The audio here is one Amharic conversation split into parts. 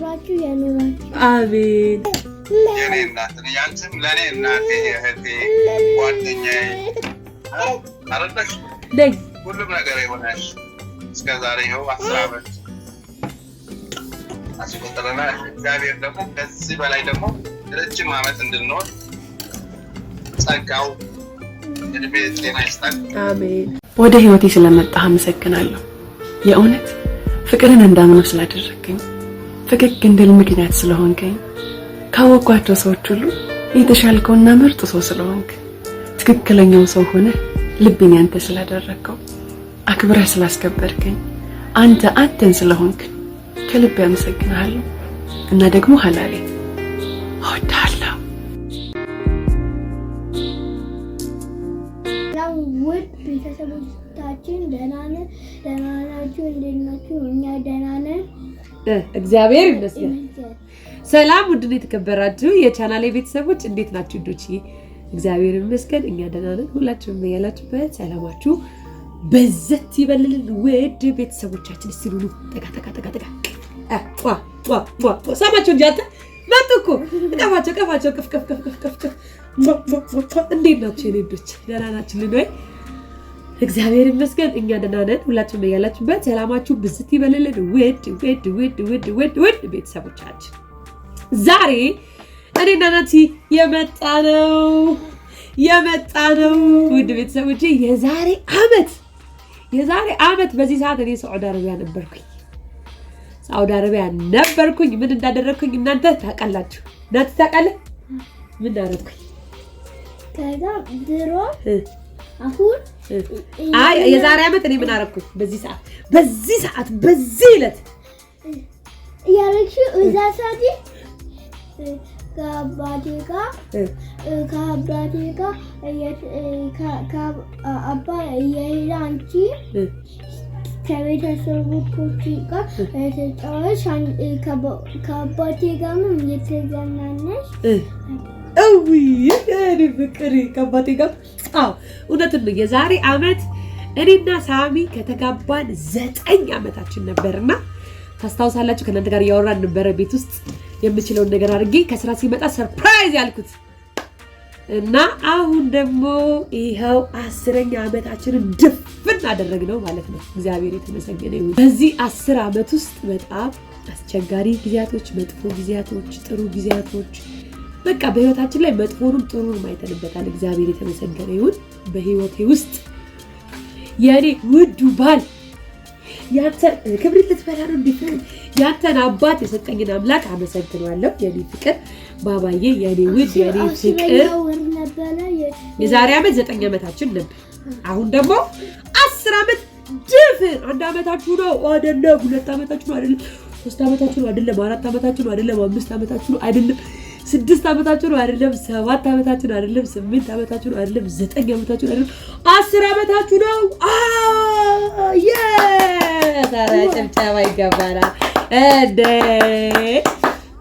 አብራችሁ ያኖራችሁ። አቤት የኔ እናት ለእኔ እናቴ እህቴ፣ ጓደኛዬ አረዳሽ ሁሉም ነገር የሆነሽ እስከ ዛሬ ይኸው አስር ዓመት እግዚአብሔር ደግሞ ከዚህ በላይ ደግሞ ረጅም ዓመት እንድንሆን ጸጋው እድሜ ጤና ይስጣል። ወደ ህይወቴ ስለመጣህ አመሰግናለሁ። የእውነት ፍቅርን እንዳምነው ስላደረገኝ ፈገግ እንድል ምክንያት ስለሆንከኝ ካወቋቸው ሰዎች ሁሉ የተሻልከውና ምርጥ ሰው ስለሆንክ ትክክለኛው ሰው ሆነ ልቤን ያንተ ስላደረግከው አክብረህ ስላስከበርከኝ አንተ አንተን ስለሆንክ ከልብ ያመሰግናለሁ እና ደግሞ ሀላሌ እወድሃለሁ። ያው ውድ ቤተሰቦቻችን ደህና ናችሁ? እንዴት ናችሁ? እኛ ደህና ነን። እግዚአብሔር ይመስገን። ሰላም ውድን የተከበራችሁ የቻናሌ ቤተሰቦች እንዴት ናችሁ? ዶች እግዚአብሔር ይመስገን እኛ ደህና ነን። ሁላችሁም ያላችሁበት ሰላማችሁ በዘት ይበልልን። ውድ ቤተሰቦቻችን ስሉሉ ጠጋ ጠጋ ጠጋ ጠጋ ሰማችሁ እንጂ አንተ መጡ እኮ ቀፋቸው ቀፋቸው ቅፍ ቅፍ ቅፍ ቅፍ ቅፍ እንዴት ናቸው? ኔዶች ደህና ናችሁልን ልንወይ እግዚአብሔር ይመስገን እኛ ደህና ነን። ሁላችሁም ያላችሁበት ሰላማችሁ ብዝት ይበልልን። ውድ ውድ ውድ ውድ ውድ ውድ ቤተሰቦቻችን ዛሬ እኔና ናቲ የመጣ ነው የመጣ ነው። ውድ ቤተሰቦቼ የዛሬ አመት የዛሬ አመት በዚህ ሰዓት እኔ ሳውዲ አረቢያ ነበርኩኝ። ሳውዲ አረቢያ ነበርኩኝ። ምን እንዳደረግኩኝ እናንተ ታውቃላችሁ። ናቲ ታውቃለህ ምን አደረግኩኝ? ከዛ ድሮ አይ የዛሬ ዓመት እኔ ምን አደረኩ? በዚህ ሰዓት በዚህ ሰዓት በዚህ ዕለት ያረግሽው እዛ ሰዓት ከአባቴ ጋር ከአባቴ ጋር አባ የሄዳ አንቺ ከቤተሰቦች ጋር ተጫወች። ከአባቴ ጋር ምን እየተዘናነሽ እዊ ፍቅሪ ከአባቴ ጋር መጣው። እውነትን ነው የዛሬ አመት እኔና ሳሚ ከተጋባን ዘጠኝ አመታችን ነበርና ታስታውሳላችሁ። ከእናንተ ጋር እያወራን ነበረ ቤት ውስጥ የምችለውን ነገር አድርጌ ከስራ ሲመጣ ሰርፕራይዝ ያልኩት እና አሁን ደግሞ ይኸው አስረኛ ዓመታችንን ድፍን አደረግነው ማለት ነው። እግዚአብሔር የተመሰገነ ይሁን። በዚህ አስር ዓመት ውስጥ በጣም አስቸጋሪ ጊዜያቶች፣ መጥፎ ጊዜያቶች፣ ጥሩ ጊዜያቶች በቃ በህይወታችን ላይ መጥፎንም ጥሩንም አይተንበታል። እግዚአብሔር የተመሰገነ ይሁን። በህይወቴ ውስጥ የእኔ ውዱ ባል ክብር ልትበላ ነው እንዲፈል ያንተን አባት የሰጠኝን አምላክ አመሰግናለሁ። የኔ ፍቅር ባባዬ፣ የኔ ውድ፣ የኔ ፍቅር የዛሬ ዓመት ዘጠኝ ዓመታችን ነበር። አሁን ደግሞ አስር ዓመት ድፍን አንድ ዓመታችሁ ነው አደለም? ሁለት ዓመታችሁ ነው አይደለም? ሶስት ዓመታችሁ ነው አይደለም? አራት ዓመታችሁ ነው አይደለም? አምስት ዓመታችሁ ነው አይደለም? ስድስት ዓመታችሁ ነው አይደለም፣ ሰባት ዓመታችሁ ነው አይደለም፣ ስምንት ዓመታችሁ ነው አይደለም፣ ዘጠኝ ዓመታችሁ ነው አይደለም፣ አስር ዓመታችሁ ነው። ጨብጨባ ጭብጨባ ይገባናል።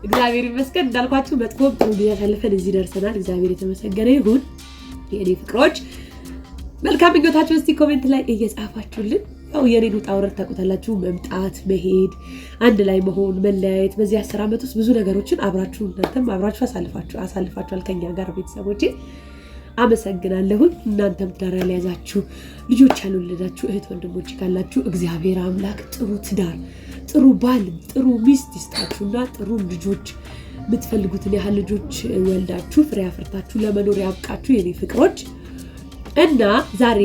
እግዚአብሔር ይመስገን እንዳልኳችሁ መጥፎ ጥሩ ጊዜ ያሳልፈን እዚህ ደርሰናል። እግዚአብሔር የተመሰገነ ይሁን። የእኔ ፍቅሮች መልካም ምኞታችሁን እስቲ ኮሜንት ላይ እየጻፋችሁልን ያው የኔን ውጣ ውረድ ታውቁታላችሁ። መምጣት፣ መሄድ፣ አንድ ላይ መሆን፣ መለያየት በዚህ አስር ዓመት ውስጥ ብዙ ነገሮችን አብራችሁ እናንተም አብራችሁ አሳልፋችሁ አሳልፋችኋል ከኛ ጋር ቤተሰቦቼ አመሰግናለሁኝ። እናንተም ትዳር ያልያዛችሁ ልጆች ያልወለዳችሁ እህት ወንድሞች ካላችሁ እግዚአብሔር አምላክ ጥሩ ትዳር፣ ጥሩ ባል፣ ጥሩ ሚስት ይስጣችሁና ጥሩ ልጆች የምትፈልጉትን ያህል ልጆች ወልዳችሁ ፍሬ አፍርታችሁ ለመኖር ያብቃችሁ የኔ ፍቅሮች። እና ዛሬ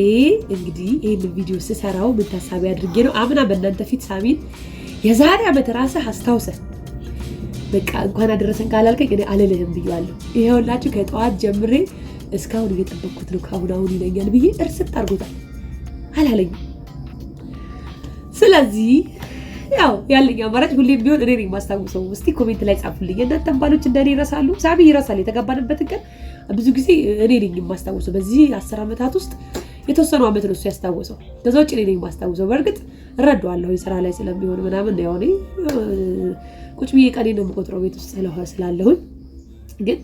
እንግዲህ ይህን ቪዲዮ ስሰራው ምን ታሳቢ አድርጌ ነው? አምና በእናንተ ፊት ሳሚን የዛሬ ዓመት ራስህ አስታውሰ በቃ እንኳን አደረሰን ካላልከኝ እኔ አልልህም ብያለሁ። ይሄውላችሁ ከጠዋት ጀምሬ እስካሁን እየጠበኩት ነው። ከአሁን አሁን ይለኛል ብዬ እርስጥ አድርጎታል አላለኝ። ስለዚህ ያው ያለኝ አማራጭ ሁሌም ቢሆን እኔ ማስታውሰው። እስቲ ኮሜንት ላይ ጻፉልኝ። እናንተ ባሎች እንደኔ ይረሳሉ? ሳቢ ይረሳል የተጋባንበትን ቀን ብዙ ጊዜ እኔ ነኝ የማስታውሰው። በዚህ አስር ዓመታት ውስጥ የተወሰኑ ዓመት ነው እሱ ያስታወሰው። ከዛ ውጭ እኔ ነኝ የማስታውሰው። በእርግጥ እረዳዋለሁ ስራ ላይ ስለሚሆን ምናምን ነው። ቁጭ ብዬ ቀኔ ነው የምቆጥረው ቤት ውስጥ ስላለሁኝ ግን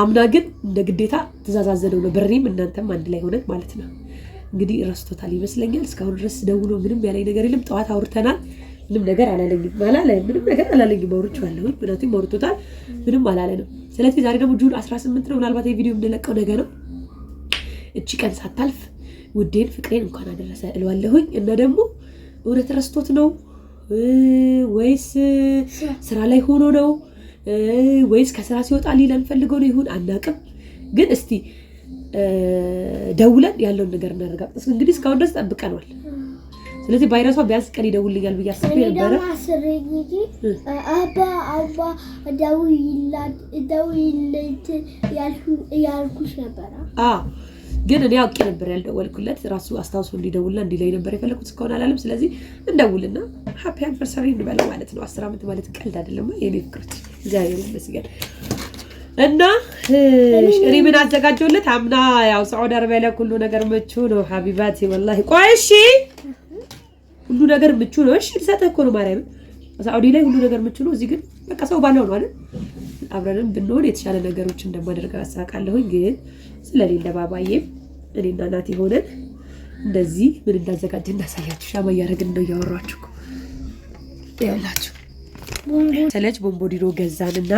አምና ግን እንደ ግዴታ ተዛዛዘነው ነው ብሬም እናንተም አንድ ላይ ሆነን ማለት ነው። እንግዲህ ረስቶታል ይመስለኛል። እስካሁን ድረስ ደውሎ ምንም ያለኝ ነገር የለም። ጠዋት አውርተናል። ምንም ነገር አላለኝም ባላለ ምንም ነገር አላለኝም። አውርቼዋለሁ፣ ምክንያቱም አውርቶታል። ምንም አላለንም። ስለዚህ ዛሬ ደግሞ ጁን 18 ነው። ምናልባት የቪዲዮ የምንለቀው ነገ ነው። እቺ ቀን ሳታልፍ ውዴን ፍቅሬን እንኳን አደረሰ እለዋለሁኝ እና ደግሞ እውነት ረስቶት ነው ወይስ ስራ ላይ ሆኖ ነው ወይስ ከስራ ሲወጣ ሊለን ፈልገው ነው ይሁን አናውቅም። ግን እስቲ ደውለን ያለውን ነገር እናረጋግጥ። እንግዲህ እስካሁን ድረስ ጠብቀነዋል። ስለዚህ ቫይረሷ ቢያንስ ቀን ይደውልኛል ብዬ አስቤ ነበረ። አባ አባ ደውይለት ያልኩሽ ነበረ። አዎ ግን እኔ አውቄ ነበር ያልደወልኩለት። ራሱ አስታውሶ እንዲደውልና እንዲላይ ነበር የፈለኩት። እስካሁን አላለም። ስለዚህ እንደውልና ሀፒ አንቨርሰሪ እንበለው ማለት ነው። አስር ዓመት ማለት ቀልድ አይደለም። የኔ ፍቅሮች እግዚአብሔር ይመስገን። እና እኔ ምን አዘጋጀውለት አምና ያው ሳዑዲ አረቢያ ላይ ሁሉ ነገር መቹ ነው። ሀቢባቴ ወላሂ ቆይ እሺ ነገር ምቹ ነው። እሺ ልሰጥህ እኮ ነው ማርያምን ሳዑዲ ላይ ሁሉ ነገር ምቹ ነው። እዚህ ግን በቃ ሰው ባለው ነው አይደል? አብረንም ብንሆን የተሻለ ነገሮች እንደማደርግ አሳውቃለሁኝ። ግን ስለሌለ ባባዬ እኔና ናት የሆነን እንደዚህ ምን እንዳዘጋጀ እንዳሳያችሁ ሻማ እያደረግን ነው። እያወራችሁ ያላችሁ ሰለች ቦምቦዲኖ ገዛንና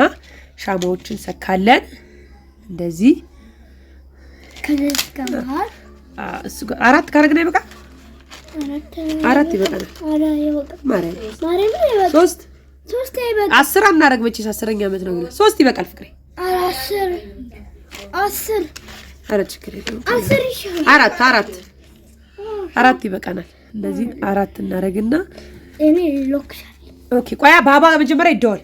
ሻማዎችን ሰካለን። እንደዚህ አራት ካረግና ይበቃል። አራት ይበቃል። ሶስት ሶስት ይበቃል። አስር አናረግ መቼስ አስረኛ ዓመት ነው። ሶስት ይበቃል ፍቅሬ። አስር አስር አራት አራት አራት ይበቃናል። እንደዚህ አራት እናረግና እኔ ሎክሻል። ኦኬ ቆያ ባባ መጀመሪያ ይደወል።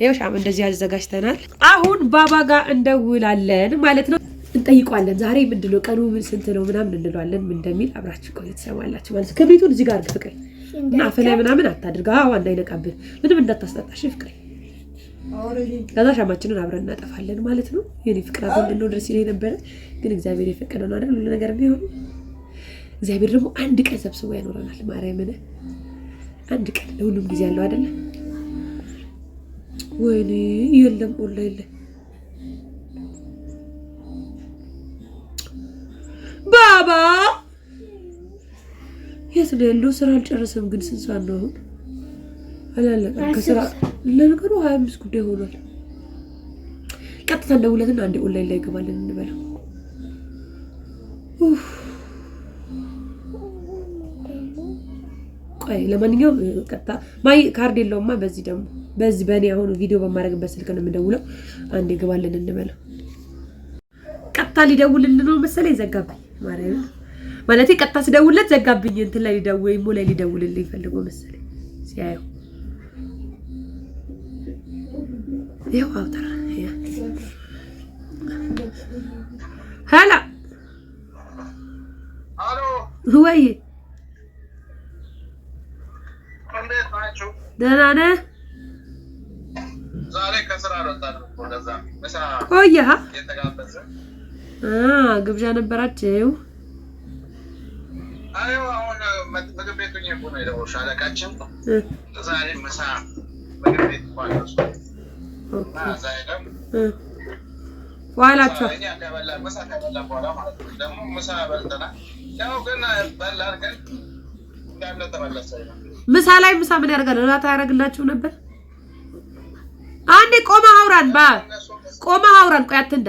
ይኸው ሻም እንደዚህ አዘጋጅተናል። አሁን ባባ ጋር እንደውላለን ማለት ነው። እንጠይቋለን። ዛሬ ምንድን ነው ቀኑ ምን ስንት ነው ምናምን እንለዋለን። ምን እንደሚል አብራችሁ ቆይ ትሰማላችሁ ማለት ነው። ክብሪቱን እዚህ ጋር ፍቅሬ እና አፍ ላይ ምናምን አታድርግ፣ አዋ እንዳይነቃብን ምንም እንዳታስጠጣሽ ፍቅሬ። ከዛ ሻማችንን አብረን እናጠፋለን ማለት ነው። የኔ ፍቅር አብረን ነው ድረስ ይለኝ ነበረ፣ ግን እግዚአብሔር የፈቀደውን አይደል ሁሉ ነገር ቢሆን እግዚአብሔር ደግሞ አንድ ቀን ሰብስቦ ያኖረናል። ማርያምን አንድ ቀን ለሁሉም ጊዜ ያለው አይደለም። ወይኔ የለም ላ የለ ባባ የት ነው ያለው? ስራ አልጨረሰም ግን ስንት ሰዓት ነው አሁን? አላለቀም ከስራ ለነገሩ ሀያ አምስት ጉዳይ ሆኗል። ቀጥታ እንደውለትና አንዴ ኦንላይን ላይ ይገባለን እንበለው። ቆይ ለማንኛውም ቀጥታ ማይ ካርድ የለውማ። በዚህ ደግሞ በዚህ በእኔ አሁን ቪዲዮ በማድረግበት ስልክ ነው የምደውለው። አንዴ ይገባለን እንበለው። ቀጥታ ሊደውልልን ነው መሰለኝ ዘጋባኝ። ማርያም ማለት ቀጥታ ሲደውለት ዘጋብኝ። እንትን ላይ ሊደውል ኢሞ ላይ ሊደውልልኝ ፈልጎ መሰለኝ ሲያየው ይኸው አውተራ ሄላ ወይ ደህና ነህ? ቆየህ? ግብዣ ነበራችሁ? አሁን ምሳ ላይ ምሳ ምን ያደርጋል? እራት አያደርግላችሁ ነበር? አንዴ ቆመህ አውራን፣ ቆመህ አውራን፣ ቆይ አትንዳ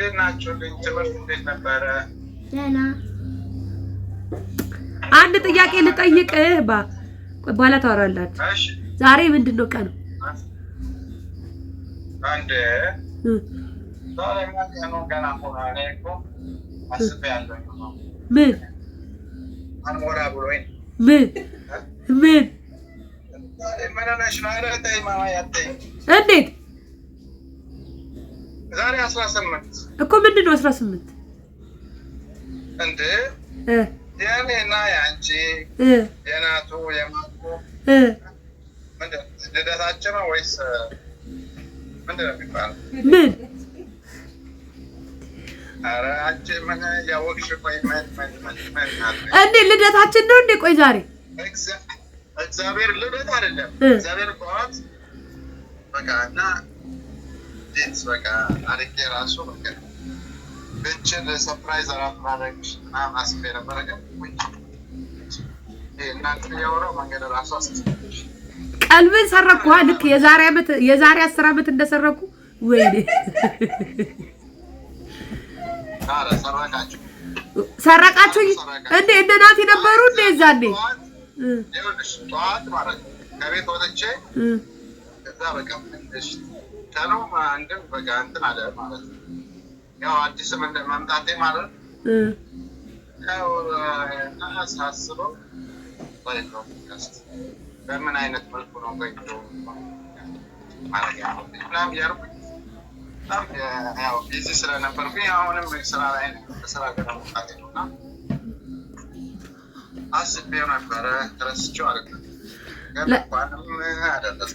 እንዴት ናችሁ? ትምህርት እንዴት ነበረ? ደህና። አንድ ጥያቄ ልጠይቅህ፣ ባ በኋላ ታወራላችሁ። ዛሬ ምንድን ነው ቀኑ? አንድ ምን ምን ምን እንዴት ዛሬ አስራ ስምንት እኮ ምንድን ነው አስራ ስምንት እንደ የእኔና የአንቺ የናቱ የማቱ ልደታችን ነው ወይስ ምንድን ነው የሚባለው? ምን እንዴ ልደታችን ነው እንዴ? ቆይ ዛሬ እግዚአብሔር ልደት አይደለም እግዚአብሔር ጠዋት በቃ እና እንዴት በቃ አርቄ ራሱ በቃ ብችን አራት ምናምን አስቤ ግን እናንተ ያወራው መንገድ ራሱ ቀልብን ሰረኩ። ልክ የዛሬ ዓመት የዛሬ አስር ዓመት እንደሰረኩ ወይ ሰረቃችሁ እንዴ? እንደ ናቲ ነበሩ እንዴ? ዛኔ ጠዋት ማለት ነው ከቤት ወጥቼ እዛ በቃ ተነው አንድም በቃ እንትን አለ ማለት ነው። ያው አዲስ መምጣቴ ማለት ያው ሳስበው በምን አይነት መልኩ ነው ቆይቶ ማለት ምናምን ያርኩኝ በጣም ያው ቢዚ ስለነበርኩኝ አሁንም ስራ ላይ ነው። ከስራ ገና መውጣቴ ነው እና አስቤው ነበረ ረስቼው አለ እንኳንም አደረሰ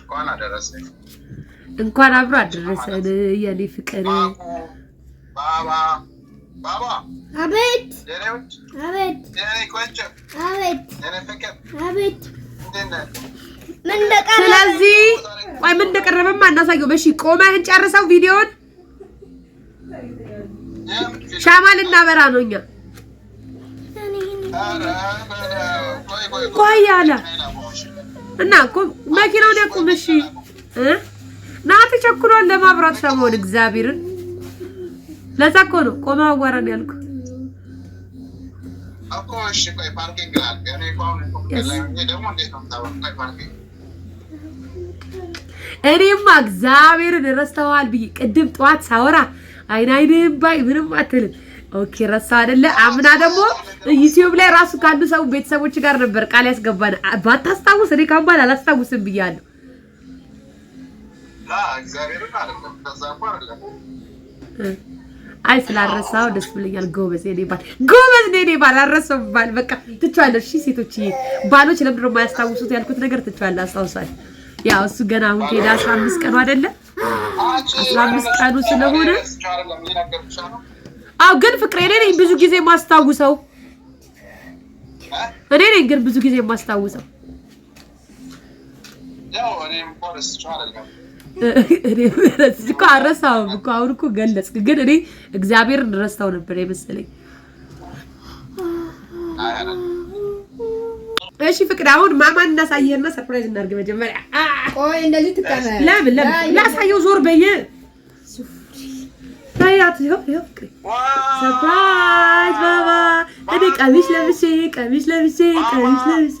እንኳን አደረሰ እንኳን አብሮ አደረሰን የኔ ፍቅር። ባባ ባባ። አቤት አቤት አቤት አቤት። ስለዚህ ቆይ ምን እንደቀረበማ አናሳየው። በሺ ቆመህን ጨርሰው ቪዲዮን ሻማ ልናበራ ነው እኛ። ቆይ አለ እና መኪናውን ያቁም። እሺ ና ቸኩሏል ለማብራት ሰሞን እግዚአብሔርን ለዛ እኮ ነው ቆማ አዋራን ያልኩ። እኔማ እግዚአብሔርን ረስተዋል ብዬ ቅድም ጠዋት ሳወራ አይን አይንም ባይ ምንም አትልም። ኦኬ ረሳ አይደለ? አምና ደግሞ ዩቲዩብ ላይ ራሱ ከአንዱ ሰው ቤተሰቦች ጋር ነበር ቃል ያስገባን። ባታስታውስ እኔ ካምባል አላስታውስም ብያለሁ። አይ ስላረሳው ደስ ብለኛል። ጎበዝ የኔ ባል፣ ጎበዝ የኔ ባል፣ አረሰው ባል። በቃ ትቻለሽ። እሺ ሴቶች ባሎች ለምንድን ነው የማያስታውሱት? ያልኩት ነገር ትቻለሽ። አስታውሳል። ያው እሱ ገና አሁን ከሄደ አስራ አምስት ቀኑ አይደለ? አስራ አምስት ቀኑ ስለሆነ አው ግን ፍቅሬ እኔ ነኝ ብዙ ጊዜ የማስታውሰው እኔ ነኝ ግን ብዙ ጊዜ የማስታውሰው እኮ አረሳውም እኮ አሁን እኮ ገለጽክ፣ ግን እኔ እግዚአብሔርን ረስታው ነበር የመሰለኝ። እሺ ፍቅድ አሁን ማማን እናሳየህና ሰርፕራይዝ እናድርግ። መጀመሪያ ቆይ እንደዚህ ትቀመጥ። ለምን ለምን ላሳየው? ዞር በየ ታያት። ይኸው ይኸው ፍቅር፣ ሰርፕራይዝ ባባ። እኔ ቀሚስ ለብሼ ቀሚስ ለብሼ ቀሚስ ለብሼ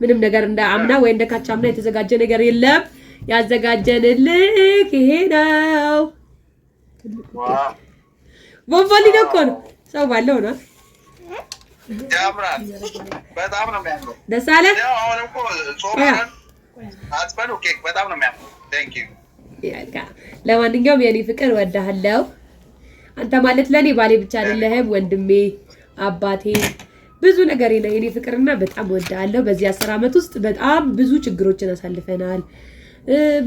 ምንም ነገር እንደ አምና ወይ እንደ ካቻ አምና የተዘጋጀ ነገር የለም። ያዘጋጀንልክ ይሄ ነው። ቦንቦሊ እኮ ነው ሰው ባለው ነው። በጣም ነው የሚያምረው። ለማንኛውም የኔ ፍቅር ወዳሃለው። አንተ ማለት ለእኔ ባሌ ብቻ አይደለህም፣ ወንድሜ፣ አባቴ ብዙ ነገር ነው የኔ ፍቅርና፣ በጣም ወዳለሁ። በዚህ አስር ዓመት ውስጥ በጣም ብዙ ችግሮችን አሳልፈናል።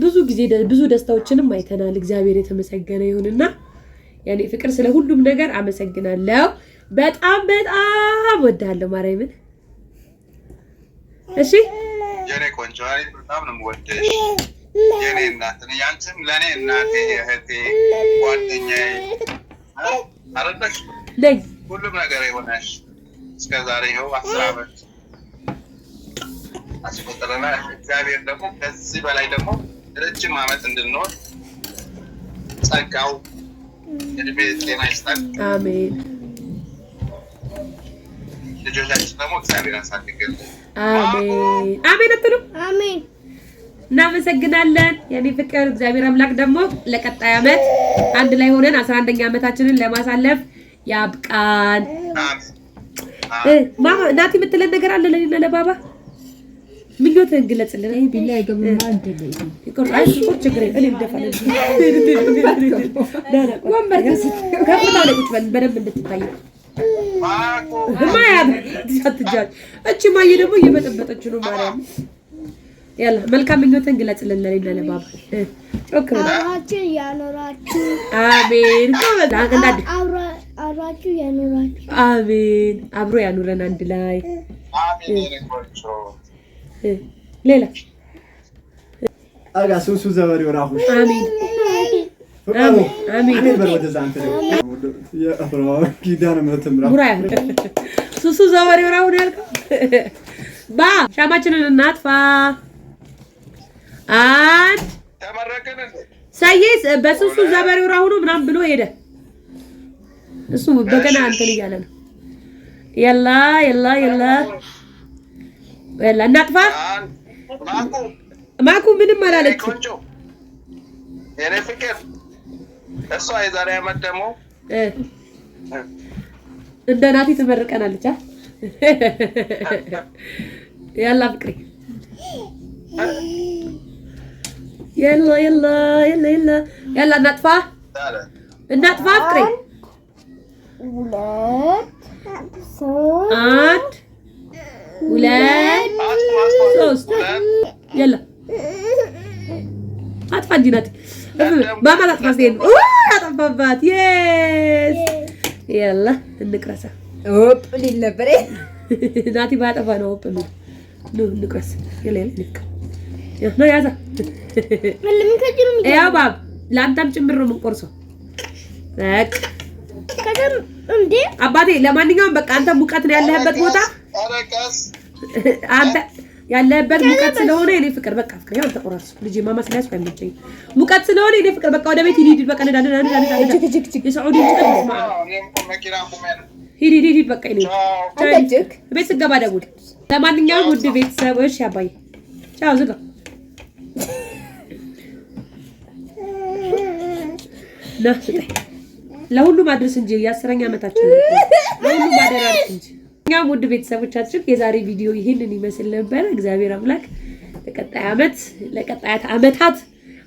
ብዙ ጊዜ ብዙ ደስታዎችንም አይተናል። እግዚአብሔር የተመሰገነ ይሁንና የኔ ፍቅር ስለ ሁሉም ነገር አመሰግናለሁ። በጣም በጣም ወዳለሁ ማርያምን። እሺ የኔ ቆንጆ፣ አይ በጣም ነው ወደሽ የኔ እናት። ያንቺም ለኔ እናቴ፣ እህቴ፣ ጓደኛዬ ነኝ ሁሉም ነገር የሆነሽ እስከዛሬ ይኸው አስር አስቆጥረናል። እግዚአብሔር ደግሞ ከዚህ በላይ ደግሞ ረጅም አመት እንድንኖር ጸጋው እድሜ ጤና ይስጣል። አሜን። ልጆቻችን ደግሞ እግዚአብሔር አሳድግልን። አሜን አሜን አሜን። እናመሰግናለን የኔ ፍቅር። እግዚአብሔር አምላክ ደግሞ ለቀጣይ አመት አንድ ላይ ሆነን አስራ አንደኛ ዓመታችንን ለማሳለፍ ያብቃን። ናቲ የምትለን ነገር አለ ለኔና ለባባ ምኞትህን ግለጽልን። በደንብ እንድትታይ ማያ እቺ ማየ ደግሞ እየበጠበጠች ነው ማርያም ያላ መልካም ምኞትን ግለጽልን ለሌላ ለባባ ጮክ ብላ አብራችሁ ያኖራችሁ አሜን። አብራችሁ ያኖራችሁ አሜን። አብሮ ያኑረን አንድ ላይ ሌላ አጋ ሱሱ ዘበሪ ወራሁ አሜን ሱሱ ዘበሪ ወራሁ ያልከው ባ ሻማችንን እናጥፋ። አንድ ሰዬ በስሱ ዘበሬው ራሁኑ ምናምን ብሎ ሄደ። እሱ በገና እንትን እያለ ነው። የላ የላ የላ የላ እናጥፋ። ማኩ ምንም አላለችም። የኔ ፍቅር እሷ የዛሬ አመት ደግሞ እንደ ናቲ ትመርቀናለች። ያላ ፍቅሬ የለ የላ የላ የላ ያላ እናጥፋ እናጥፋ ፍቅሬ አንድ ሁለት ሶስት የላ አጥፋ እንጂ ናት ማማት አጥፋ ሴ አጠፋባት የስ የላ እንቅረሳ ኦፕ ሊል ነበር ናቲ ባጠፋ ነው ኦፕ ሚ እንቅረስ የላ የላ ነው ያዛ ያው ባብ ለአንተም ጭምር ነው የምንቆርሰው። አባቴ ለማንኛውም በቃ አንተ ሙቀት ነው ያለህበት ቦታ አንተ ያለህበት ሙቀት ስለሆነ የኔ ፍቅር በቃ ፍቅር ያው ተቆራርሱ ልጅ ማማ ሙቀት ስለሆነ የኔ ፍቅር በቃ ወደ ቤት ሂድ በቃ ነዳ ነዳ ነዳ ነዳ ሂድ ሂድ ሂድ በቃ ይኔ ቤት ስገባ ደውል። ለማንኛውም ውድ ቤተሰብ እሺ፣ አባዬ ቻው ዝጋ ና ስጠኝ። ለሁሉም አድርስ እንጂ የአስረኛ ዓመታችን ለሁሉም አደራርስ እንጂ። እኛም ውድ ቤተሰቦቻችን የዛሬ ቪዲዮ ይህንን ይመስል ነበር። እግዚአብሔር አምላክ ለቀጣይ ዓመት ለቀጣያት ዓመታት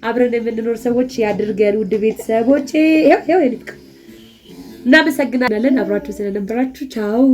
አብረን የምንኖር ሰዎች ያድርገን። ውድ ቤተሰቦች ይኸው ይኸው እናመሰግናለን አብራችሁ ስለነበራችሁ ቻው።